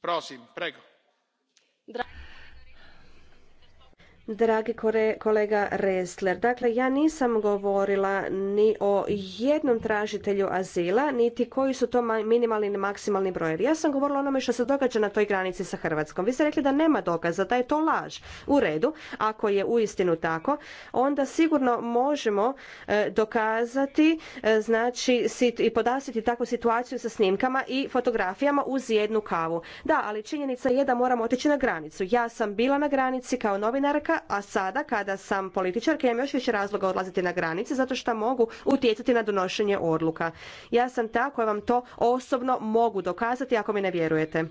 prosim prego dragi kolega Resler. Dakle, ja nisam govorila ni o jednom tražitelju azila, niti koji su to minimalni i maksimalni brojevi. Ja sam govorila o onome što se događa na toj granici sa Hrvatskom. Vi ste rekli da nema dokaza, da je to laž. U redu, ako je uistinu tako, onda sigurno možemo e, dokazati e, znači i podastiti takvu situaciju sa snimkama i fotografijama uz jednu kavu. Da, ali činjenica je da moramo otići na granicu. Ja sam bila na granici kao novinarka a sada kada sam političarka imam još više razloga odlaziti na granice zato što mogu utjecati na donošenje odluka. Ja sam ta koja vam to osobno mogu dokazati ako mi ne vjerujete.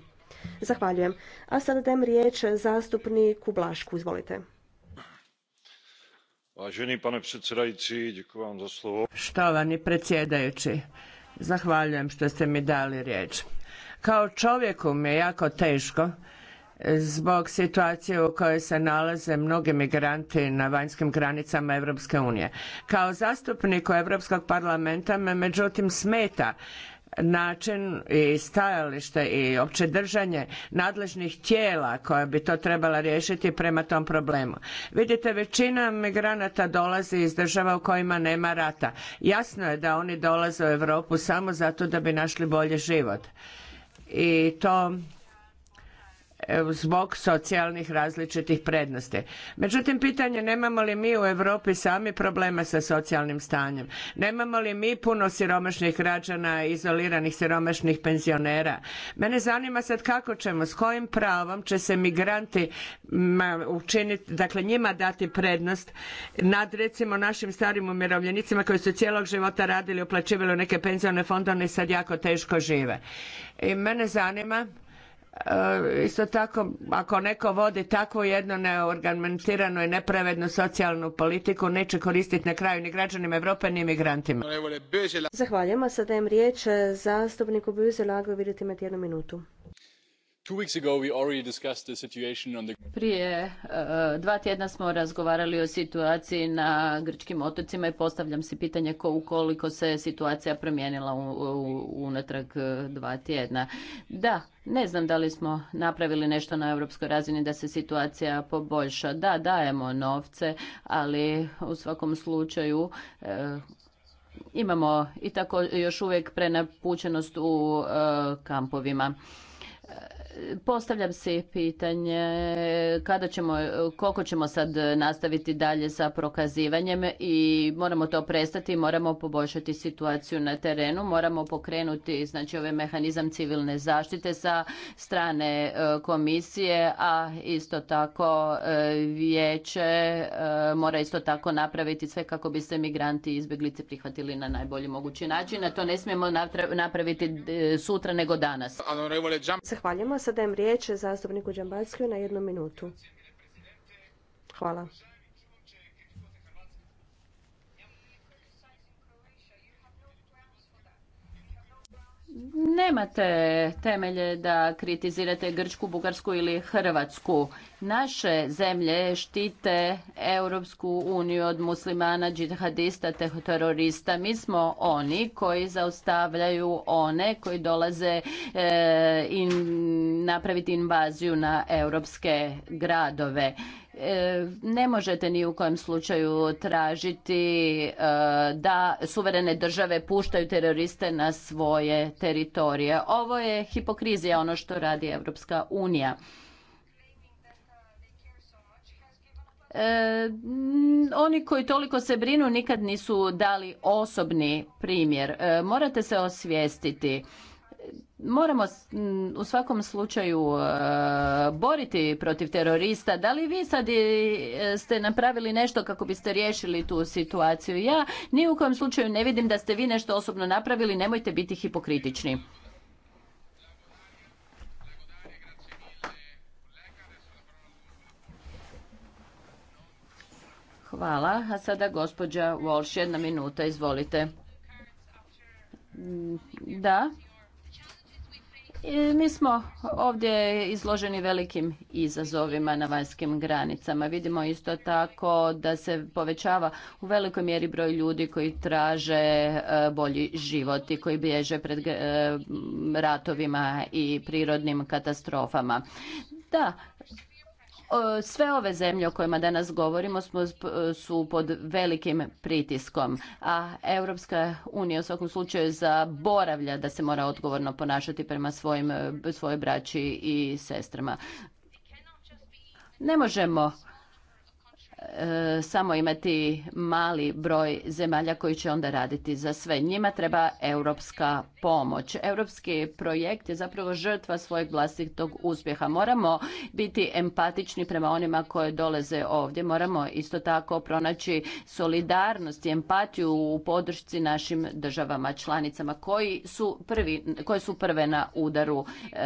Zahvaljujem. A sada dajem riječ zastupniku Blašku. Izvolite. Važeni pane predsjedavajući, vam za slovo. Štovani predsjedajući, zahvaljujem što ste mi dali riječ. Kao čovjeku mi je jako teško zbog situacije u kojoj se nalaze mnogi migranti na vanjskim granicama Europske unije. Kao zastupnik Europskog parlamenta me međutim smeta način i stajalište i opće držanje nadležnih tijela koja bi to trebala riješiti prema tom problemu. Vidite, većina migranata dolazi iz država u kojima nema rata. Jasno je da oni dolaze u Europu samo zato da bi našli bolji život. I to E, zbog socijalnih različitih prednosti. Međutim, pitanje nemamo li mi u Europi sami problema sa socijalnim stanjem? Nemamo li mi puno siromašnih građana, izoliranih siromašnih penzionera? Mene zanima sad kako ćemo, s kojim pravom će se migranti učiniti, dakle njima dati prednost nad recimo našim starim umirovljenicima koji su cijelog života radili, uplaćivali u neke penzione fondove i sad jako teško žive. I mene zanima E, isto tako ako neko vodi takvu jednu neorganiziranu i nepravednu socijalnu politiku neće koristiti na kraju ni građanima Europe ni migrantima. Zahvaljujem, a sada im riječ zastupniku Buzelagu, vidite imati jednu minutu. Prije eh, dva tjedna smo razgovarali o situaciji na grčkim otocima i postavljam si pitanje ko, ukoliko se situacija promijenila unatrag eh, dva tjedna. Da, ne znam da li smo napravili nešto na europskoj razini da se situacija poboljša. Da, dajemo novce, ali u svakom slučaju eh, imamo i tako još uvijek prenapučenost u kampovima. Postavljam si pitanje kada ćemo, koliko ćemo sad nastaviti dalje sa prokazivanjem i moramo to prestati, moramo poboljšati situaciju na terenu, moramo pokrenuti znači ovaj mehanizam civilne zaštite sa strane e, komisije, a isto tako e, vijeće e, mora isto tako napraviti sve kako bi se migranti i izbjeglice prihvatili na najbolji mogući način, a to ne smijemo napraviti sutra nego danas. Zahvaljujemo Sada dajem riječ zastupniku Đambackiju na jednu minutu. Hvala. nemate temelje da kritizirate Grčku, Bugarsku ili Hrvatsku. Naše zemlje štite Europsku uniju od muslimana, džihadista, te terorista. Mi smo oni koji zaustavljaju one koji dolaze e, napraviti invaziju na europske gradove. E, ne možete ni u kojem slučaju tražiti e, da suverene države puštaju teroriste na svoje teritorije. Ovo je hipokrizija ono što radi Europska unija. E, oni koji toliko se brinu nikad nisu dali osobni primjer. morate se osvijestiti moramo u svakom slučaju e, boriti protiv terorista. Da li vi sad e, ste napravili nešto kako biste riješili tu situaciju? Ja ni u kojem slučaju ne vidim da ste vi nešto osobno napravili, nemojte biti hipokritični. Hvala. A sada gospođa Walsh, jedna minuta, izvolite. Mm, da mi smo ovdje izloženi velikim izazovima na vanjskim granicama. Vidimo isto tako da se povećava u velikoj mjeri broj ljudi koji traže e, bolji život i koji bježe pred e, ratovima i prirodnim katastrofama. Da, E, sve ove zemlje o kojima danas govorimo smo, e, su pod velikim pritiskom, a Europska unija u svakom slučaju zaboravlja da se mora odgovorno ponašati prema svojim, e, svojoj braći i sestrama. Ne možemo E, samo imati mali broj zemalja koji će onda raditi za sve. Njima treba europska pomoć. Europski projekt je zapravo žrtva svojeg vlastitog uspjeha. Moramo biti empatični prema onima koje dolaze ovdje. Moramo isto tako pronaći solidarnost i empatiju u podršci našim državama članicama koji su prvi, koje su prve na udaru e,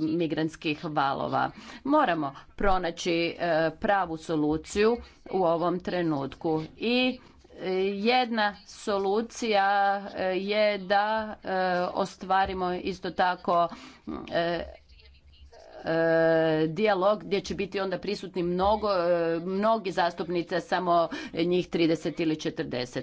migrantskih valova. Moramo pronaći e, pravu soluciju u ovom trenutku. I e, jedna solucija e, je da e, ostvarimo isto tako dijalog gdje će biti onda prisutni mnogo, mnogi zastupnice, samo njih 30 ili 40.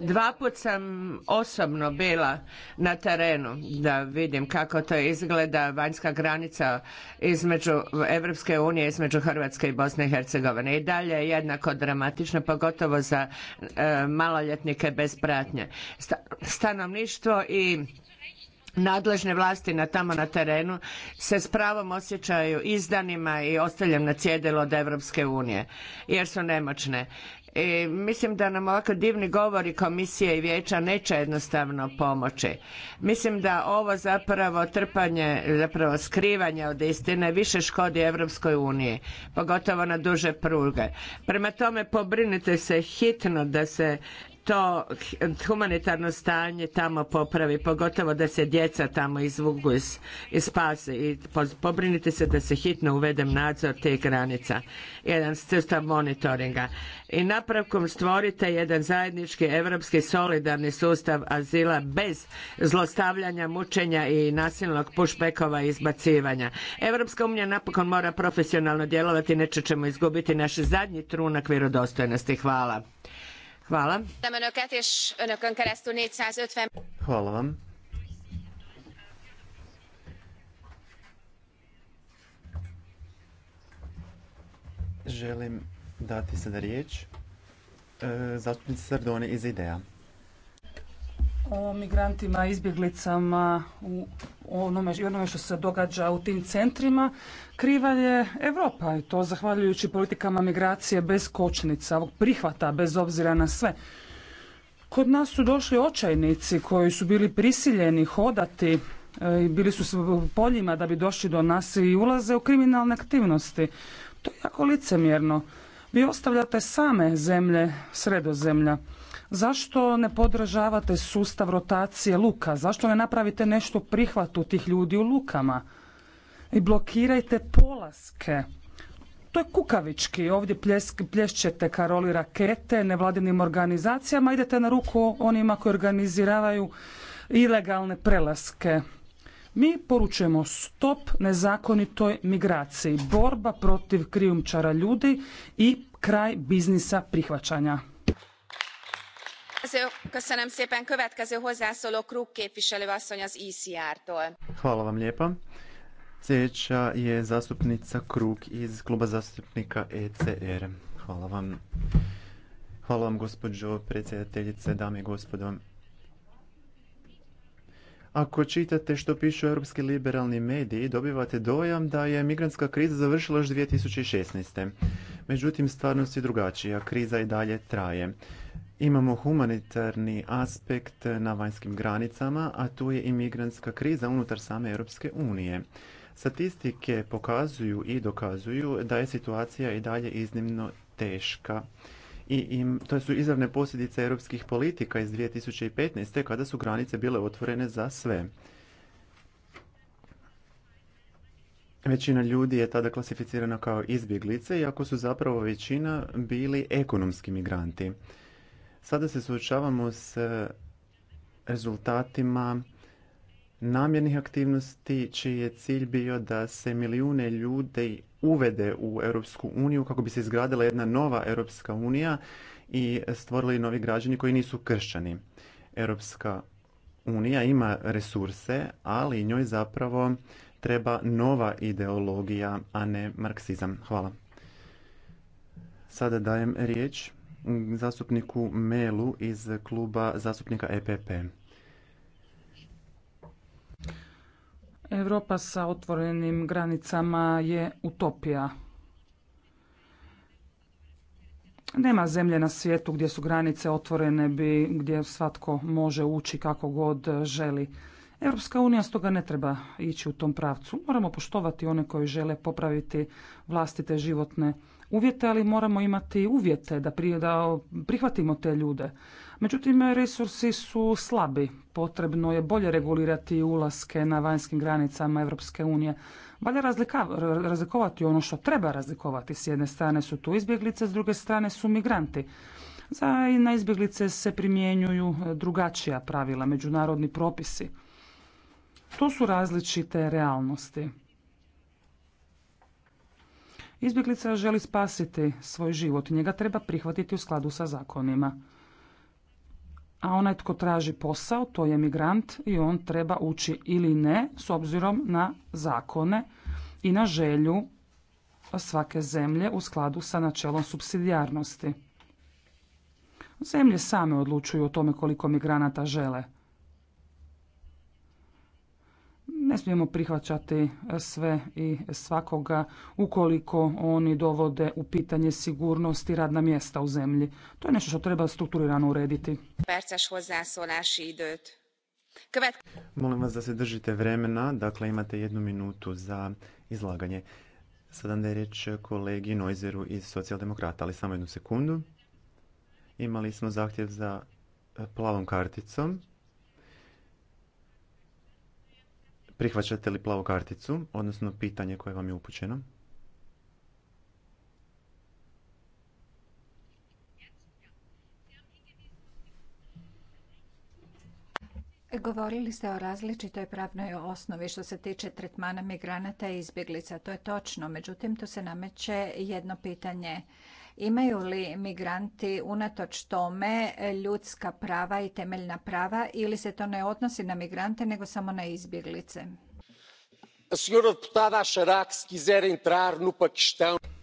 Dva put sam osobno bila na terenu da vidim kako to izgleda vanjska granica između Evropske unije, između Hrvatske i Bosne i Hercegovine. I dalje je jednako dramatično, pogotovo za e, maloljetnike bez pratnje. stanovništvo i nadležne vlasti na tamo na terenu se s pravom osjećaju izdanima i ostavljam na cjedilo od Evropske unije jer su nemoćne mislim da nam ovako divni govori komisije i vijeća neće jednostavno pomoći. Mislim da ovo zapravo trpanje, zapravo skrivanje od istine više škodi Evropskoj uniji, pogotovo na duže pruge. Prema tome pobrinite se hitno da se to humanitarno stanje tamo popravi, pogotovo da se djeca tamo izvuku i spase i pobrinite se da se hitno uvede nadzor tih granica, jedan sustav monitoringa. I napravkom stvorite jedan zajednički europski solidarni sustav azila bez zlostavljanja, mučenja i nasilnog pušpekova i izbacivanja. Europska unija napokon mora profesionalno djelovati, neće ćemo izgubiti naš zadnji trunak vjerodostojnosti. Hvala. Hvala. Hvala vam. Želim dati sada riječ e, zastupnici Sardone iz IDEA o migrantima, izbjeglicama u onome, i onome što se događa u tim centrima kriva je Europa i to zahvaljujući politikama migracije bez kočnica, ovog prihvata bez obzira na sve. Kod nas su došli očajnici koji su bili prisiljeni hodati e, i bili su u poljima da bi došli do nas i ulaze u kriminalne aktivnosti. To je jako licemjerno. Vi ostavljate same zemlje sredozemlja. Zašto ne podržavate sustav rotacije luka? Zašto ne napravite nešto prihvatu tih ljudi u lukama? I blokirajte polaske. To je kukavički. Ovdje plješćete karoli rakete nevladinim organizacijama. Idete na ruku onima koji organiziravaju ilegalne prelaske. Mi poručujemo stop nezakonitoj migraciji, borba protiv krijumčara ljudi i kraj biznisa prihvaćanja. E Hvala vam lijepa. Sljedeća je zastupnica Krug iz kluba zastupnika ECR. Hvala vam. Hvala vam gospođo predsjedateljice, dame i gospodo. Ako čitate što pišu europski liberalni mediji, dobivate dojam da je migrantska kriza završila još 2016. Međutim, stvarnost je drugačija, kriza i dalje traje. Imamo humanitarni aspekt na vanjskim granicama, a tu je imigrantska kriza unutar same Europske unije. Statistike pokazuju i dokazuju da je situacija i dalje iznimno teška. I, to su izravne posljedice europskih politika iz 2015. kada su granice bile otvorene za sve. Većina ljudi je tada klasificirana kao izbjeglice, iako su zapravo većina bili ekonomski migranti. Sada se suočavamo s rezultatima namjernih aktivnosti čiji je cilj bio da se milijune ljudi uvede u Europsku uniju kako bi se izgradila jedna nova Europska unija i stvorili novi građani koji nisu kršćani. Europska unija ima resurse, ali njoj zapravo treba nova ideologija, a ne marksizam. Hvala. Sada dajem riječ zastupniku Melu iz kluba zastupnika EPP. Europa sa otvorenim granicama je utopija. Nema zemlje na svijetu gdje su granice otvorene, bi, gdje svatko može ući kako god želi. Europska unija stoga ne treba ići u tom pravcu. Moramo poštovati one koji žele popraviti vlastite životne uvjete, ali moramo imati uvjete da, prije, da prihvatimo te ljude. Međutim, resursi su slabi. Potrebno je bolje regulirati ulaske na vanjskim granicama Europske unije. Valja razlikovati ono što treba razlikovati. S jedne strane su tu izbjeglice, s druge strane su migranti. Za i na izbjeglice se primjenjuju e, drugačija pravila, međunarodni propisi. To su različite realnosti. Izbjeglica želi spasiti svoj život i njega treba prihvatiti u skladu sa zakonima. A onaj tko traži posao, to je migrant i on treba ući ili ne s obzirom na zakone i na želju svake zemlje u skladu sa načelom supsidijarnosti. Zemlje same odlučuju o tome koliko migranata žele. Ne smijemo prihvaćati sve i svakoga ukoliko oni dovode u pitanje sigurnost i radna mjesta u zemlji. To je nešto što treba strukturirano urediti. Molim vas da se držite vremena, dakle imate jednu minutu za izlaganje. Sada da je riječ kolegi Noizeru iz socijaldemokrata, ali samo jednu sekundu. Imali smo zahtjev za eh, plavom karticom. Prihvaćate li plavu karticu, odnosno pitanje koje vam je upućeno? Govorili ste o različitoj pravnoj osnovi što se tiče tretmana migranata i izbjeglica. To je točno. Međutim, tu se nameće jedno pitanje. Imaju li migranti unatoč tome e, ljudska prava i temeljna prava ili se to ne odnosi na migrante nego samo na izbjeglice? A